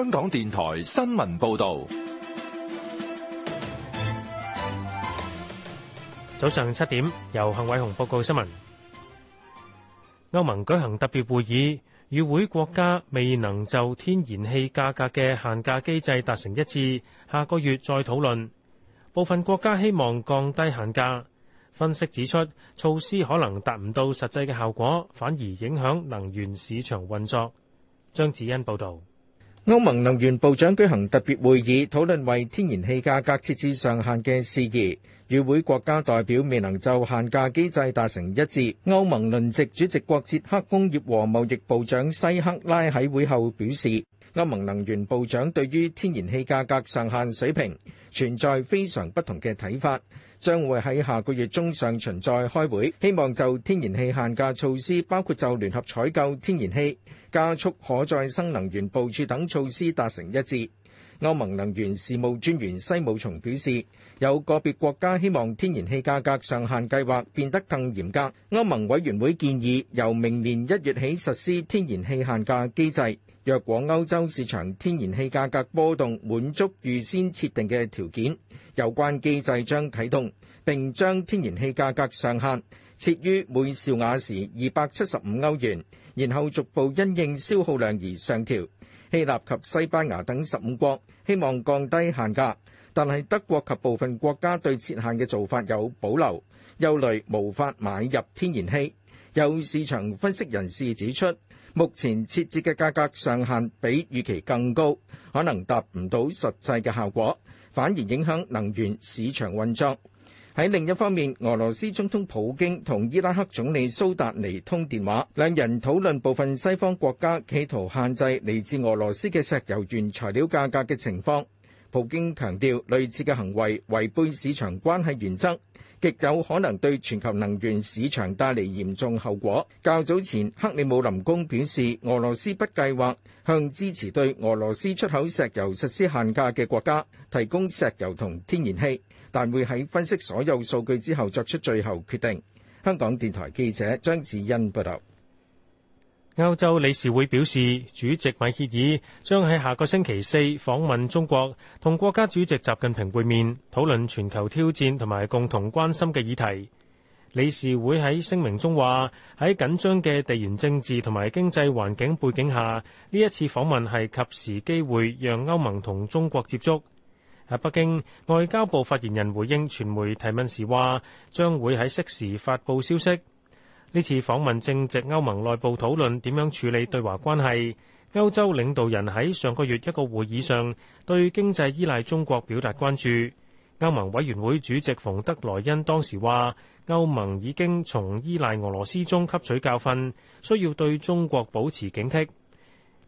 香港電台新聞報道，早上七點由幸偉雄報告新聞。歐盟舉行特別會議，與會國家未能就天然氣價格嘅限價機制達成一致，下個月再討論。部分國家希望降低限價。分析指出，措施可能達唔到實際嘅效果，反而影響能源市場運作。張子欣報道。歐盟能源部長舉行特別會議，討論為天然氣價格設置上限嘅事宜。與會國家代表未能就限價機制達成一致。歐盟輪值主席國捷克工業和貿易部長西克拉喺會後表示，歐盟能源部長對於天然氣價格上限水平存在非常不同嘅睇法，將會喺下個月中上旬再開會，希望就天然氣限價措施，包括就聯合採購天然氣、加速可再生能源部署等措施達成一致。歐盟能源事務專員西姆松表示，有個別國家希望天然氣價格上限計劃變得更嚴格。歐盟委員會建議由明年一月起實施天然氣限價機制。若果歐洲市場天然氣價格波動滿足預先設定嘅條件，有關機制將啟動，並將天然氣價格上限設於每兆瓦時二百七十五歐元，然後逐步因應消耗量而上調。希臘及西班牙等十五國希望降低限價，但係德國及部分國家對設限嘅做法有保留，憂慮無法買入天然氣。有市場分析人士指出，目前設置嘅價格上限比預期更高，可能達唔到實際嘅效果，反而影響能源市場運作。喺另一方面，俄羅斯總統普京同伊拉克總理蘇達尼通電話，兩人討論部分西方國家企圖限制嚟自俄羅斯嘅石油原材料價格嘅情況。普京強調，類似嘅行為違背市場關係原則，極有可能對全球能源市場帶來嚴重後果。較早前，克里姆林宮表示，俄羅斯不計劃向支持對俄羅斯出口石油實施限價嘅國家提供石油同天然氣，但會喺分析所有數據之後作出最後決定。香港電台記者張子欣報道。歐洲理事會表示，主席米歇爾將喺下個星期四訪問中國，同國家主席習近平會面，討論全球挑戰同埋共同關心嘅議題。理事會喺聲明中話，喺緊張嘅地緣政治同埋經濟環境背景下，呢一次訪問係及時機會，讓歐盟同中國接觸。喺北京，外交部發言人回應傳媒提問時話，將會喺適時發布消息。呢次訪問正值歐盟內部討論點樣處理對華關係。歐洲領導人喺上個月一個會議上對經濟依賴中國表達關注。歐盟委員會主席馮德萊恩當時話：歐盟已經從依賴俄羅斯中吸取教訓，需要對中國保持警惕。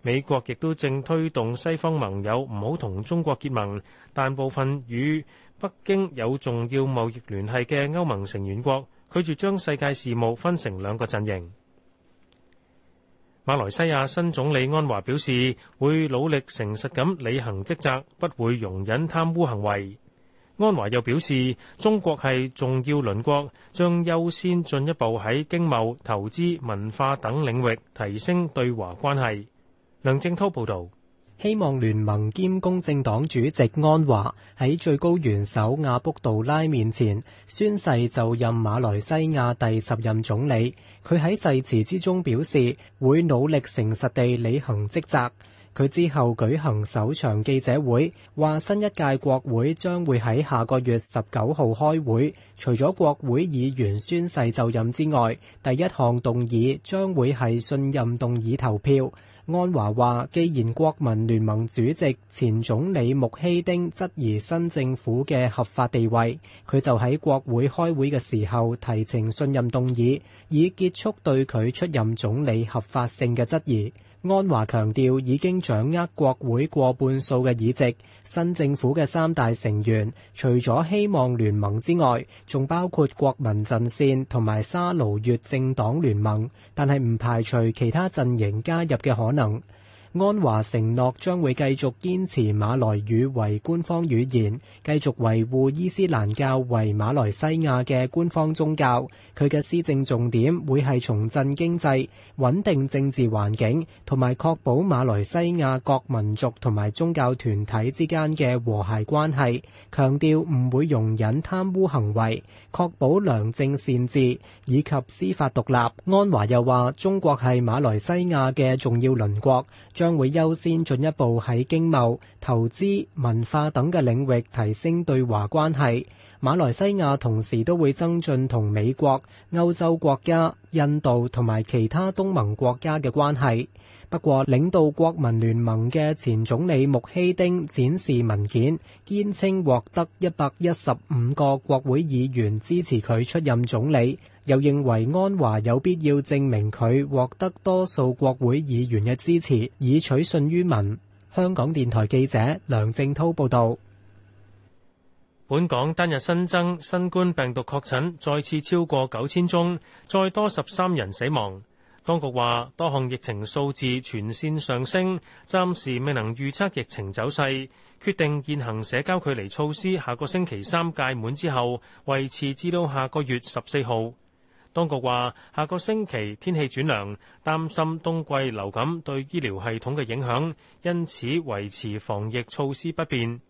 美國亦都正推動西方盟友唔好同中國結盟，但部分與北京有重要貿易聯繫嘅歐盟成員國。拒絕將世界事務分成兩個陣營。馬來西亞新總理安華表示，會努力誠實咁履行職責，不會容忍貪污行為。安華又表示，中國係重要鄰國，將優先進一步喺經貿、投資、文化等領域提升對華關係。梁正濤報導。希望聯盟兼公正黨主席安華喺最高元首阿卜杜拉面前宣誓就任馬來西亞第十任總理。佢喺誓詞之中表示，會努力誠實地履行職責。佢之後舉行首場記者會，話新一屆國會將會喺下個月十九號開會。除咗國會議員宣誓就任之外，第一項動議將會係信任動議投票。安華話，既然國民聯盟主席前總理穆希丁質疑新政府嘅合法地位，佢就喺國會開會嘅時候提呈信任動議，以結束對佢出任總理合法性嘅質疑。安華強調已經掌握國會過半數嘅議席，新政府嘅三大成員，除咗希望聯盟之外，仲包括國民陣線同埋沙勞越政黨聯盟，但係唔排除其他陣營加入嘅可能。安華承諾將會繼續堅持馬來語為官方語言，繼續維護伊斯蘭教為馬來西亞嘅官方宗教。佢嘅施政重點會係重振經濟，穩定政治環境，同埋確保馬來西亞各民族同埋宗教團體之間嘅和諧關係，強調唔會容忍貪污行為，確保良政善治以及司法獨立。安華又話，中國係馬來西亞嘅重要鄰國。將會優先進一步喺經貿、投資、文化等嘅領域提升對華關係。馬來西亞同時都會增進同美國、歐洲國家、印度同埋其他東盟國家嘅關係。不過，領導國民聯盟嘅前總理穆希丁展示文件，堅稱獲得一百一十五個國會議員支持佢出任總理，又認為安華有必要證明佢獲得多數國會議員嘅支持，以取信於民。香港電台記者梁正滔報導。本港單日新增新冠病毒確診再次超過九千宗，再多十三人死亡。當局話多項疫情數字全線上升，暫時未能預測疫情走勢，決定現行社交距離措施下個星期三屆滿之後，維持至到下個月十四號。當局話下個星期天氣轉涼，擔心冬季流感對醫療系統嘅影響，因此維持防疫措施不變。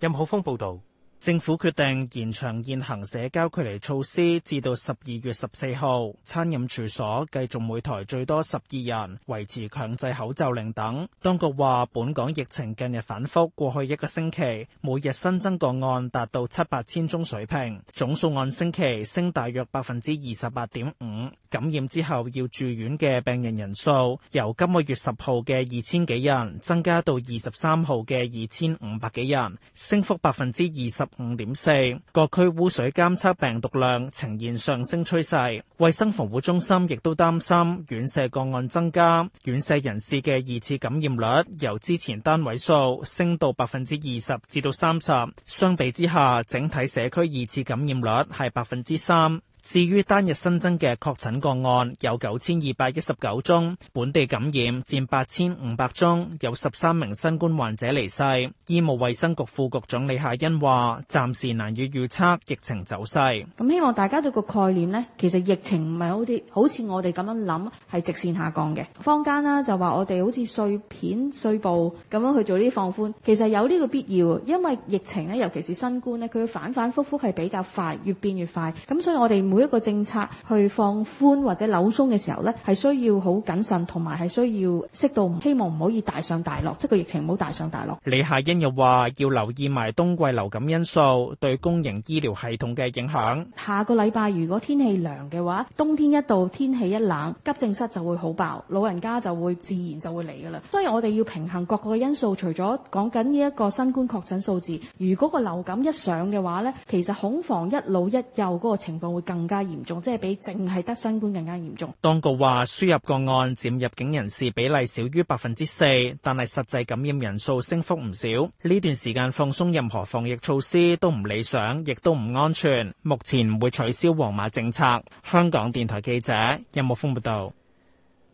任浩峰報導。政府決定延長現行社交距離措施，至到十二月十四號。餐飲處所繼續每台最多十二人，維持強制口罩令等。當局話，本港疫情近日反複，過去一個星期每日新增個案達到七八千宗水平，總數按星期升大約百分之二十八點五。感染之後要住院嘅病人人數，由今個月十號嘅二千幾人，增加到二十三號嘅二千五百幾人，升幅百分之二十五點四。各區污水監測病毒量呈現上升趨勢，衞生防護中心亦都擔心院舍個案增加，院舍人士嘅二次感染率由之前單位數升到百分之二十至到三十。相比之下，整體社區二次感染率係百分之三。至於單日新增嘅確診個案有九千二百一十九宗，本地感染佔八千五百宗，有十三名新冠患者離世。醫務衛生局副局長李夏欣話：暫時難以預測疫情走勢。咁希望大家對個概念呢，其實疫情唔係好似好似我哋咁樣諗係直線下降嘅。坊間啦就話我哋好似碎片碎布咁樣去做呢啲放寬，其實有呢個必要，因為疫情呢，尤其是新冠呢，佢會反反覆覆係比較快，越變越快。咁所以我哋每一個政策去放寬或者扭鬆嘅時候呢，係需要好謹慎，同埋係需要適度，希望唔可以大上大落，即係個疫情唔好大上大落。李夏茵又話要留意埋冬季流感因素對公營醫療系統嘅影響。下個禮拜如果天氣涼嘅話，冬天一到天氣一冷，急症室就會好爆，老人家就會自然就會嚟噶啦。所以我哋要平衡各個嘅因素，除咗講緊呢一個新冠確診數字，如果個流感一上嘅話呢，其實恐防一老一幼嗰個情況會更。更加嚴重，即係比淨係得新冠更加嚴重。當局話輸入個案佔入境人士比例少於百分之四，但係實際感染人數升幅唔少。呢段時間放鬆任何防疫措施都唔理想，亦都唔安全。目前唔會取消黃碼政策。香港電台記者任木峰報道。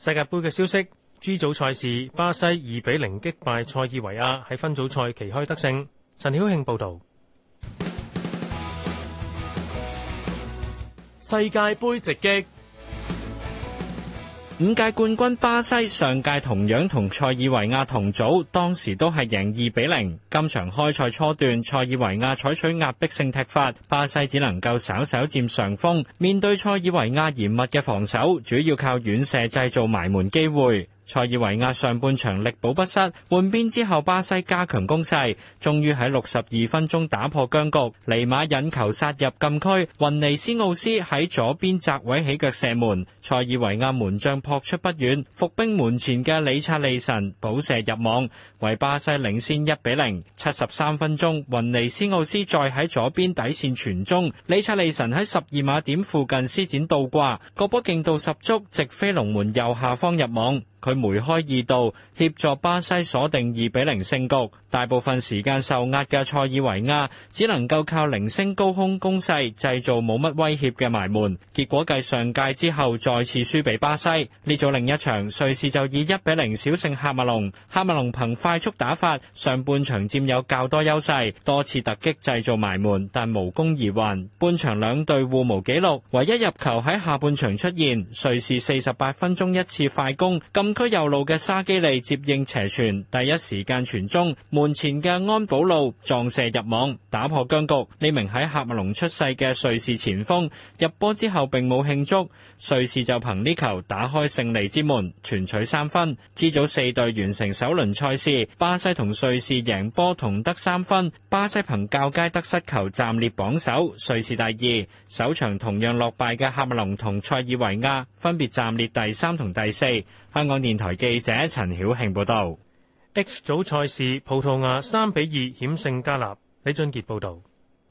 世界盃嘅消息，G 組賽事巴西二比零擊敗塞爾維亞，喺分組賽旗開得勝。陳曉慶報道。世界盃直擊，五屆冠軍巴西上屆同樣同塞爾維亞同組，當時都係贏二比零。今場開賽初段，塞爾維亞採取壓迫性踢法，巴西只能夠稍稍佔上風。面對塞爾維亞嚴密嘅防守，主要靠遠射製造埋門機會。塞爾維亞上半場力保不失，換邊之後巴西加強攻勢，終於喺六十二分鐘打破僵局。尼馬引球殺入禁區，雲尼斯奧斯喺左邊窄位起腳射門，塞爾維亞門將撲出不遠，伏兵門前嘅里察利臣補射入網。為巴西領先一比零，七十三分鐘，雲尼斯奧斯再喺左邊底線傳中，李察利臣喺十二碼點附近施展倒掛，個波勁度十足，直飛龍門右下方入網，佢梅開二度，協助巴西鎖定二比零勝局。大部分時間受壓嘅塞爾維亞只能夠靠零星高空攻勢製造冇乜威脅嘅埋門，結果繼上屆之後再次輸俾巴西。呢組另一場，瑞士就以一比零小勝哈密龍，哈密龍憑快速打法，上半場佔有較多優勢，多次突擊製造埋門，但無功而還。半場兩隊互無紀錄，唯一入球喺下半場出現。瑞士四十八分鐘一次快攻，禁區右路嘅沙基利接應斜傳，第一時間傳中，門前嘅安保路撞射入網，打破僵局。呢名喺喀麥隆出世嘅瑞士前鋒入波之後，並冇慶祝，瑞士就憑呢球打開勝利之門，全取三分。支組四隊完成首輪賽事。巴西同瑞士贏波同得三分，巴西憑較佳得失球暫列榜首，瑞士第二。首場同樣落敗嘅喀麥隆同塞爾維亞分別暫列第三同第四。香港電台記者陳曉慶報道。H 組賽事，葡萄牙三比二險勝加納。李俊傑報道。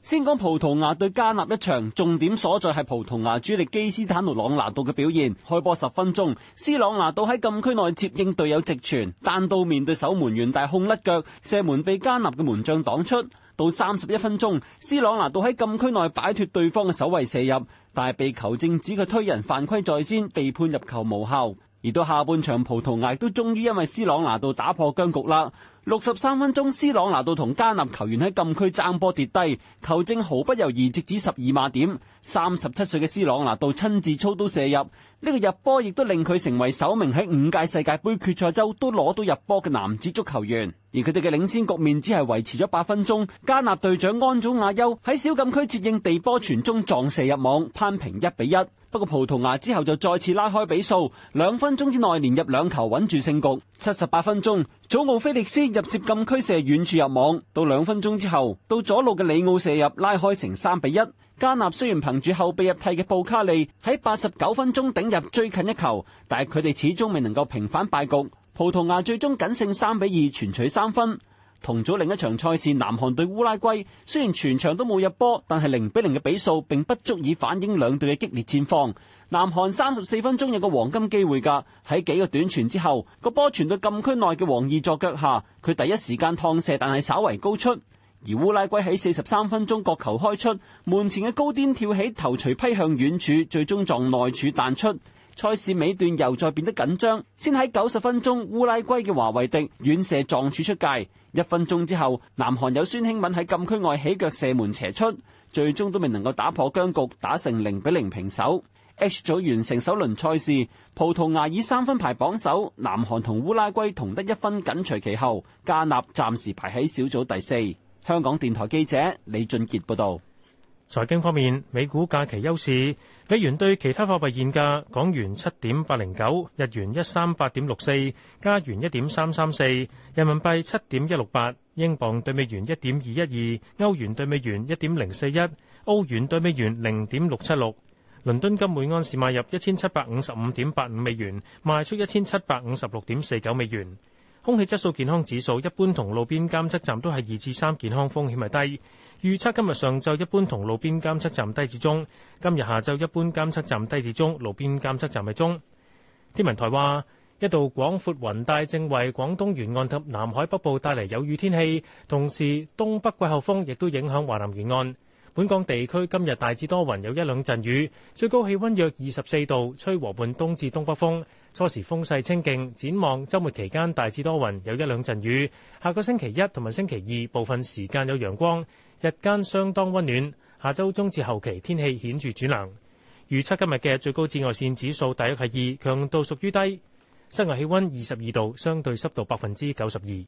先講葡萄牙對加納一場，重點所在係葡萄牙主力基斯坦奴·朗拿度嘅表現。開波十分鐘，斯朗拿度喺禁區內接應隊友直傳，但到面對守門員大控甩腳，射門被加納嘅門將擋出。到三十一分鐘，斯朗拿度喺禁區內擺脫對方嘅守衛射入，但係被球證指佢推人犯規在先，被判入球無效。而到下半場，葡萄牙都終於因為斯朗拿度打破僵局啦。六十三分鐘，斯朗拿度同加納球員喺禁區爭波跌低，球證毫不猶豫，直指十二碼點。三十七歲嘅斯朗拿度親自操刀射入，呢、這個入波亦都令佢成為首名喺五屆世界盃決賽周都攞到入波嘅男子足球員。而佢哋嘅領先局面只係維持咗八分鐘，加納隊長安祖亞優喺小禁區接應地波傳中撞射入網，攀平一比一。不過葡萄牙之後就再次拉開比數，兩分鐘之內連入兩球穩住勝局。七十八分鐘。祖奧菲力斯入涉禁區射禁區射遠處入網，到兩分鐘之後，到左路嘅里奧射入拉開成三比一。加納雖然憑住後備入替嘅布卡利喺八十九分鐘頂入最近一球，但係佢哋始終未能夠平反敗局。葡萄牙最終僅勝三比二，全取三分。同組另一場賽事，南韓對烏拉圭，雖然全場都冇入波，但係零比零嘅比數並不足以反映兩隊嘅激烈戰況。南韓三十四分鐘有個黃金機會，噶喺幾個短傳之後，個波傳到禁區內嘅黃義助腳下，佢第一時間趟射，但係稍為高出。而烏拉圭喺四十三分鐘角球開出，門前嘅高顛跳起頭錘批向遠柱，最終撞內柱彈出。賽事尾段又再變得緊張，先喺九十分鐘烏拉圭嘅華維迪遠，遠射撞柱出界，一分鐘之後南韓有孫興敏喺禁區外起腳射門斜出，最終都未能夠打破僵局，打成零比零平手。H 組完成首輪賽事，葡萄牙以三分排榜首，南韓同烏拉圭同得一分緊隨其後，加納暫時排喺小組第四。香港電台記者李俊傑報道。財經方面，美股假期休市，美元兌其他貨幣現價：港元七點八零九，日元一三八點六四，加元一點三三四，人民幣七點一六八，英鎊兌美元一點二一二，歐元兌美元一點零四一，歐元兌美元零點六七六。倫敦金每安士買入一千七百五十五點八五美元，賣出一千七百五十六點四九美元。空氣質素健康指數一般，同路邊監測站都係二至三，健康風險係低。預測今日上晝一般同路邊監測站低至中，今日下晝一般監測站低至中，路邊監測站係中。天文台話，一度廣闊雲帶正為廣東沿岸及南海北部帶嚟有雨天氣，同時東北季候風亦都影響華南沿岸。本港地區今日大致多雲，有一兩陣雨，最高氣溫約二十四度，吹和半東至東北風，初時風勢清勁。展望週末期間大致多雲，有一兩陣雨。下個星期一同埋星期二部分時間有陽光，日間相當溫暖。下週中至後期天氣顯著轉涼。預測今日嘅最高紫外線指數大約係二，強度屬於低。室外氣溫二十二度，相對濕度百分之九十二。